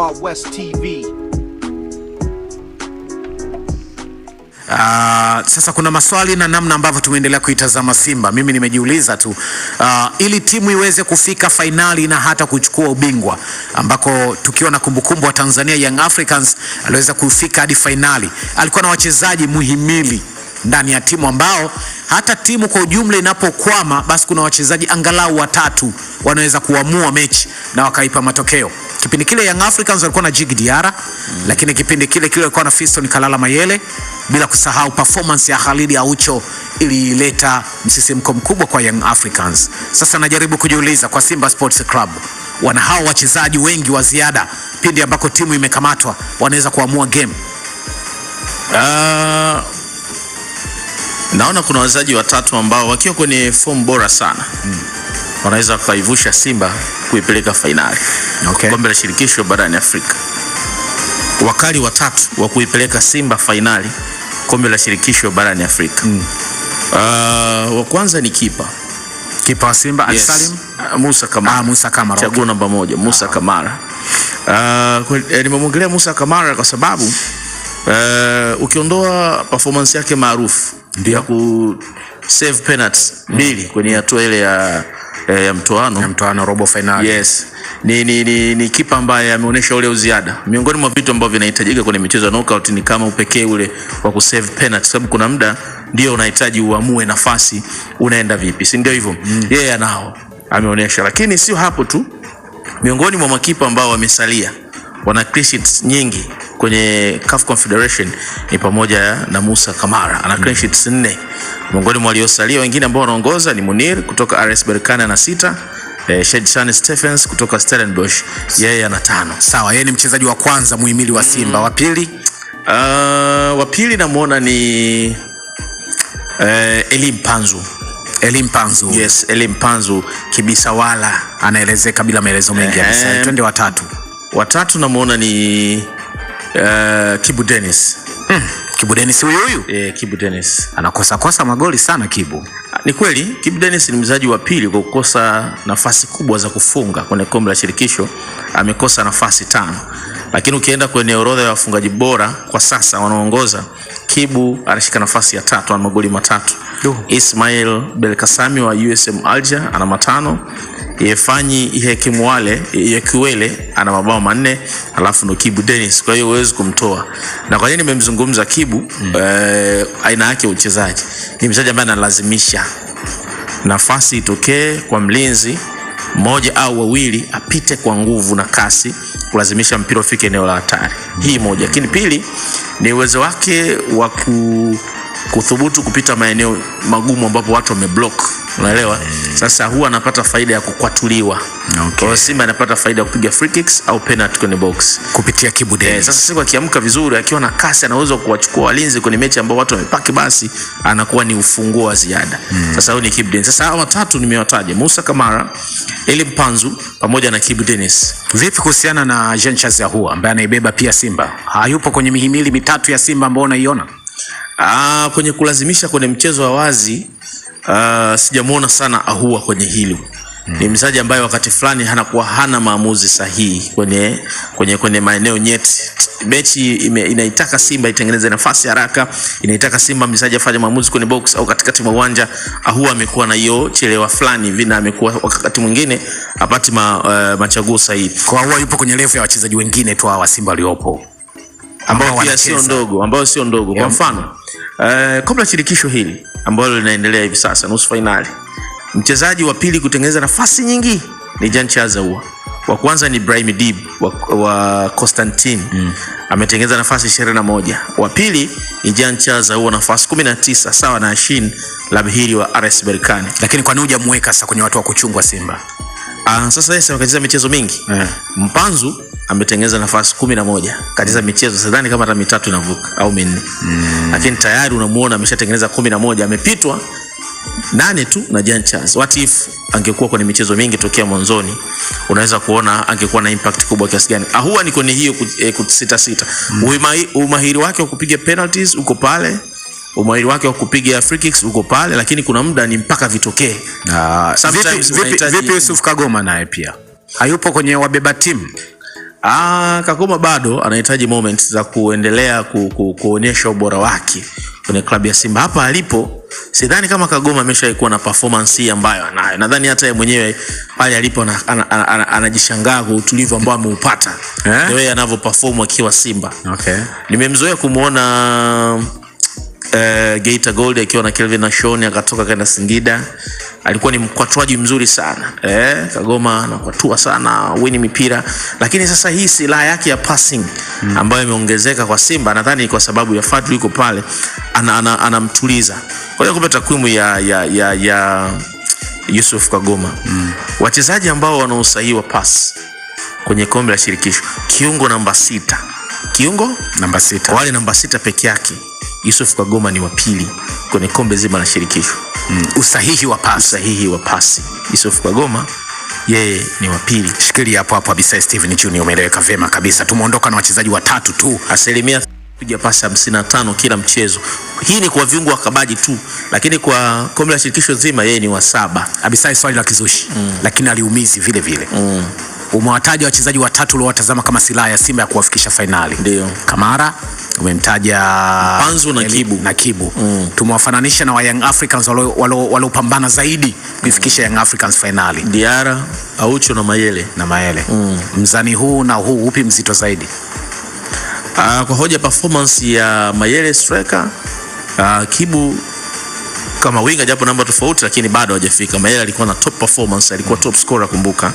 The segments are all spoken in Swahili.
Wild West TV. Uh, ah, sasa kuna maswali na namna ambavyo tumeendelea kuitazama Simba. Mimi nimejiuliza tu uh, ili timu iweze kufika fainali na hata kuchukua ubingwa ambako tukiwa na kumbukumbu wa Tanzania Young Africans aliweza kufika hadi fainali, alikuwa na wachezaji muhimili ndani ya timu ambao hata timu kwa ujumla inapokwama, basi kuna wachezaji angalau watatu wanaweza kuamua mechi na wakaipa matokeo. Kipindi kile Young Africans walikuwa na Djigui Diarra mm. Lakini kipindi kile kile walikuwa na Fiston Kalala Mayele, bila kusahau performance ya Khalid Aucho ilileta msisimko mkubwa kwa Young Africans. Sasa najaribu kujiuliza kwa Simba Sports Club, wana hao wachezaji wengi wa ziada pindi ambako timu imekamatwa, wanaweza kuamua game uh... Naona kuna wachezaji watatu ambao wakiwa kwenye form bora sana mm wanaweza wakaivusha Simba kuipeleka fainali okay. Kombe la shirikisho barani Afrika, wakali watatu wa kuipeleka Simba fainali kombe la shirikisho barani Afrika mm. Uh, wa kwanza ni kipa kipa wa Simba yes. Alisalim uh, Musa Kamara. Ah, Musa Kamara. Chaguo namba moja Musa ah. Kamara. Uh, eh, nimemwongelea Musa Kamara kwa sababu uh, ukiondoa performance yake maarufu ya ku save penalties mm. mbili mm. kwenye hatua ile ya eh, ya mtoano ya mtoano robo finali. Yes, ni, ni, ni, ni kipa ambaye ameonyesha ule uziada. Miongoni mwa vitu ambavyo vinahitajika kwenye michezo ya knockout ni kama upekee ule wa kusave penalty, sababu kuna muda ndio unahitaji uamue nafasi unaenda vipi, si ndio hivyo? mm. yeye yeah, anao ameonyesha, lakini sio hapo tu, miongoni mwa makipa ambao wamesalia wana clean sheets nyingi kwenye CAF Confederation ni pamoja na Musa Kamara ana clean mm-hmm. sheets nne. Miongoni mwa waliosalia wengine ambao wanaongoza ni Munir kutoka RS Berkane na sita Eh, Shed Shedson Stephens kutoka Stellenbosch yeye ana tano. Sawa, yeye ni mchezaji wa kwanza muhimili wa Simba. Mm. Wa pili? Uh, wa pili namuona ni uh, Elim Panzu. Elim Panzu. Yes, Elim Panzu kibisa wala anaelezeka bila maelezo mengi. Um, twende watatu. Watatu namuona ni Eh, Kibu denis hmm, Kibu denis huyu huyu? Eh, Kibu denis Anakosa kosa magoli sana Kibu. Ah, ni kweli Kibu denis ni mchezaji wa pili kwa kukosa nafasi kubwa za kufunga kwenye kombe la shirikisho, amekosa nafasi tano. Lakini ukienda kwenye orodha ya wafungaji bora kwa sasa wanaongoza Kibu anashika nafasi ya tatu, ana magoli matatu. Ismail Belkasami wa USM Alger ana matano, Yefanyi Ihekimuwale Yekiwele ana mabao manne, alafu ndo Kibu Dennis. Kwa hiyo huwezi kumtoa, na kwa nini nimemzungumza Kibu mm. Eh, aina yake ya uchezaji ni mchezaji ambaye analazimisha nafasi itokee kwa mlinzi mmoja au wawili, apite kwa nguvu na kasi kulazimisha mpira ufike eneo la hatari. Hii moja, lakini pili ni uwezo wake wa kuthubutu kupita maeneo magumu ambapo watu wameblock Unaelewa? mm. Sasa huwa anapata faida ya kukwatuliwa. Okay. Kwa Simba anapata faida ya kupiga free kicks au penalty kwenye box kupitia Kibu Denis. yeah. sasa siku akiamka vizuri akiwa na kasi anaweza kuwachukua walinzi kwenye mechi ambao watu wamepaki basi anakuwa ni ufunguo wa ziada. Mm. Sasa huyo ni Kibu Denis. Sasa hawa watatu nimewataja Musa Kamara, Eli Mpanzu pamoja na Kibu Denis. Vipi kuhusiana na Jean Charles Ahoua ambaye anaibeba pia Simba? Hayupo kwenye mihimili mitatu ya Simba ambao unaiona? Ah, kwenye kulazimisha kwenye mchezo wa wazi uh, sijamuona sana Ahua kwenye hilo mm. Ni mchezaji hmm. ambaye wakati fulani hanakuwa hana maamuzi sahihi kwenye, kwenye, kwenye maeneo nyeti. Mechi inaitaka Simba itengeneze nafasi haraka, inaitaka Simba mchezaji afanye maamuzi kwenye box au katikati mwa uwanja. Ahua amekuwa na hiyo chelewa fulani hivi na amekuwa wakati mwingine apati ma, uh, machaguo sahihi. Kwa Ahua yupo kwenye level ya wachezaji wengine tu hawa Simba waliopo ambao sio ndogo, ambao sio ndogo. Kwa mfano uh, kabla shirikisho hili ambalo linaendelea hivi sasa, nusu fainali. Mchezaji wa pili kutengeneza nafasi nyingi ni jan Chazaua, wa kwanza ni Brahim dib wa, wa Constantine mm. ametengeneza nafasi 21. Wa pili ni Jean nafasi Ahoua nafasi tisa sawa na Ashin Labhiri wa RS Berkane. Lakini kwa nini hujamweka sasa kwenye watu wa kuchungwa Simba? Ah, sasa yeye amekatiza michezo mingi yeah. Mpanzu ametengeneza nafasi kumi na moja katiza michezo, sidhani kama hata mitatu inavuka au minne mm. Lakini tayari unamuona ameshatengeneza kumi na moja amepitwa nane tu na Jan Charles. What if angekuwa kwenye michezo mingi tokea mwanzoni, unaweza kuona angekuwa na impact kubwa kiasi gani? Ahua ni kwenye hiyo kusita eh, sita, hmm. Umahiri wake wa kupiga penalties uko pale umahiri wake wa kupiga free kicks uko pale, lakini kuna muda ni mpaka vitokee. Vipi Yusuf Kagoma naye pia hayupo kwenye wabeba timu? Ah, Kagoma bado anahitaji moments za kuendelea ku, ku, kuonyesha ubora wake kwenye klabu ya Simba. Hapa alipo sidhani kama Kagoma ameshaikuwa na performance hii ambayo anayo. Nadhani hata yeye mwenyewe pale alipo anajishangaa kwa utulivu ambao ameupata, eh, yeye anavyoperform akiwa Simba. Okay. Nimemzoea kumuona Eh, Geita Gold akiwa na Kelvin Nashoni akatoka kaenda Singida. Alikuwa ni mkwatuaji mzuri sana eh, kagoma na kwatua sana wini mipira, lakini sasa hii silaha yake ya passing hmm. ambayo imeongezeka kwa Simba, nadhani kwa sababu ya Fadlu yuko pale anamtuliza ana, ana kwa hiyo kupata takwimu ya, ya, ya, ya Yusuf Kagoma mm, wachezaji ambao wana wa pass kwenye kombe la shirikisho, kiungo namba sita, kiungo namba sita, wale namba sita peke yake Yusuf Kagoma ni wa pili kwenye kombe zima la shirikisho mm. usahihi wa pasi, usahihi wa pasi. Yusuf Kagoma yeye ni wa pili. Shikilia hapo hapo kabisa, Steven Junior, umeeleweka vema kabisa. Tumeondoka na wachezaji watatu tu, asilimia piga pasi 55 kila mchezo. Hii ni kwa viungo wa kabaji tu, lakini kwa kombe la shirikisho zima yeye ni wa saba. Abisai, swali la kizushi mm. lakini aliumizi vile vile mm. Umewataja wachezaji watatu uliowatazama kama silaha ya Simba ya kuwafikisha fainali. Ndio. Kamara umemtaja Panzu na Kibu, na Kibu. Mm. Tumewafananisha na wa Young Africans waliopambana zaidi kuifikisha Young Africans fainali. Diara, Aucho na Mayele, na Mayele. Mm. Mzani huu na huu upi mzito zaidi? Uh, kwa hoja performance ya Mayele striker, uh, Kibu kama winga japo namba tofauti, lakini bado hajafika. Mayele alikuwa na top performance, alikuwa top scorer kumbuka,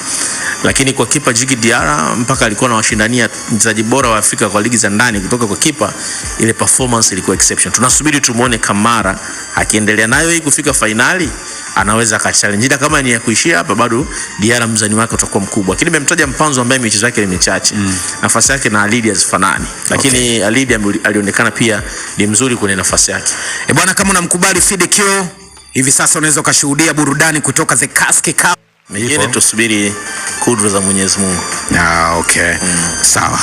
lakini kwa kipa Jiki Diarra mpaka alikuwa na washindania mchezaji bora wa Afrika kwa ligi za ndani kutoka kwa kipa, ile performance ilikuwa exception. Tunasubiri tumuone Kamara akiendelea nayo hii kufika finali anaweza akachallenge, ila kama ni ya kuishia hapa, bado Diara mzani wake utakuwa mkubwa. Lakini nimemtaja Mpanzu ambaye michezo yake ni michache mm. nafasi yake na Alidi hazifanani, lakini okay. Alidi alionekana pia ni mzuri kwenye nafasi yake. E bwana, kama unamkubali Fidikio hivi sasa, unaweza ukashuhudia burudani kutoka the Kaski Cup. Mengine tusubiri kudra za Mwenyezi Mungu. Ah, okay. Mm. Sawa.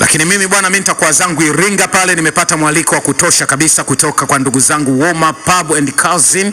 Lakini mimi bwana, mimi nitakuwa zangu Iringa pale, nimepata mwaliko wa kutosha kabisa kutoka kwa ndugu zangu Woma Pub and Cousin.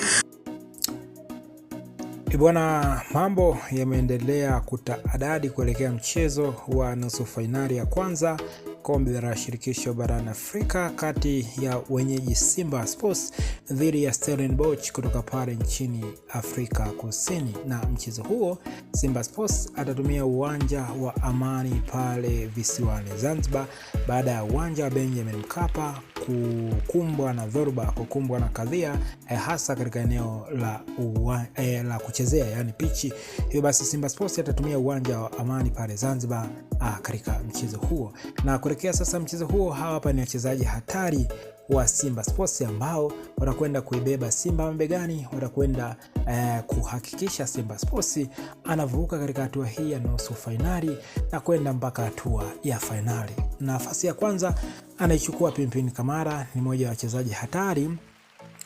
Bwana, mambo yameendelea kutaadadi kuelekea mchezo wa nusu fainali ya kwanza kombe la shirikisho barani Afrika kati ya wenyeji Simba Sports dhidi ya Stellenbosch kutoka pale nchini Afrika Kusini, na mchezo huo Simba Sports atatumia uwanja wa Amani pale visiwani Zanzibar baada ya uwanja wa Benjamin Mkapa kukumbwa na dhoruba, kukumbwa na kadhia eh, hasa katika eneo la, uwa, eh, la kuchezea yani pichi. Hivyo basi Simba Sports atatumia uwanja wa Amani pale Zanzibar ah, katika mchezo huo na kuelekea sasa mchezo huo, hawa hapa ni wachezaji hatari wa Simba Sports ambao watakwenda kuibeba Simba mabegani, watakwenda eh, kuhakikisha Simba Sports anavuka katika hatua hii ya nusu fainali na kwenda mpaka hatua ya fainali. Nafasi ya kwanza anaichukua Pimpin Kamara, ni mmoja wa wachezaji hatari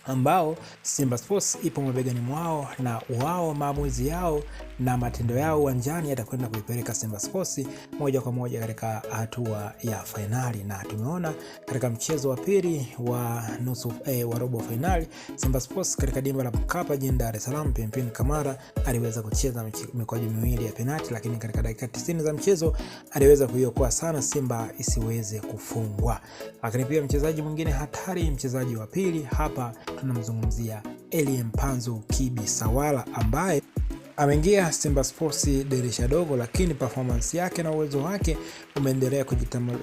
ambao Simba Sports ipo mabegani mwao na wao maamuzi yao na matendo yao uwanjani yatakwenda kuipeleka Simba Sports moja kwa moja katika hatua ya fainali, na tumeona katika mchezo wa pili wa nusu eh, wa robo fainali Simba Sports katika dimba la Mkapa jijini Dar es Salaam, Pimpin Kamara aliweza kucheza mikwaju miwili ya penati, lakini katika dakika 90 za mchezo aliweza kuiokoa sana Simba isiweze kufungwa. Lakini pia mchezaji mwingine hatari, mchezaji wa pili hapa tunamzungumzia Elie Mpanzu Kibi Sawala ambaye ameingia Simba Sports dirisha dogo, lakini performance yake na uwezo wake umeendelea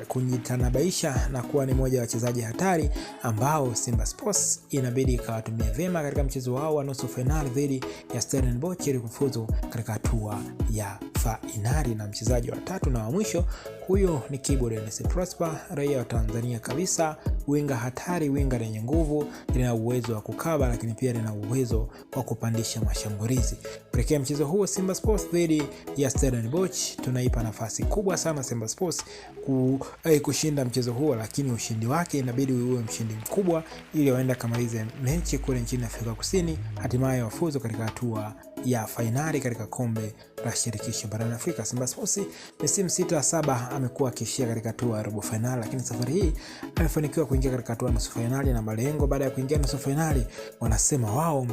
kujitanabaisha na kuwa ni moja ya wachezaji hatari ambao Simba Sports inabidi ikawatumia vyema katika mchezo wao wa nusu fainali dhidi ya Stellenbosch ili kufuzu katika hatua ya fainali. Na mchezaji wa tatu na wa mwisho huyo ni Kibu Denis Prosper, raia wa Tanzania kabisa, winga hatari, winga lenye nguvu, lina uwezo wa kukaba, lakini pia lina uwezo wa kupandisha mashambulizi. Kuelekea mchezo huo Simba Sports dhidi ya Stellenbosch, tunaipa nafasi kubwa sana Simba Sports ku, eh, kushinda mchezo huo, lakini ushindi wake inabidi uwe mshindi mkubwa ili waenda kamalize mechi kule nchini Afrika Kusini, hatimaye wafuzu katika hatua ya fainali katika kombe la shirikisho barani Afrika. Simba Sports misimu sita saba amekuwa akiishia katika hatua ya robo fainali, lakini safari hii amefanikiwa kuingia katika hatua ya nusu fainali, na malengo baada ya kuingia nusu fainali wanasema wao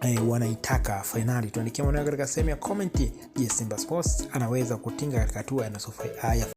E, wanaitaka fainali. Tuandikia maneno katika sehemu ya comment. Je, Simba Sports anaweza kutinga katika hatua ya nusu fainali?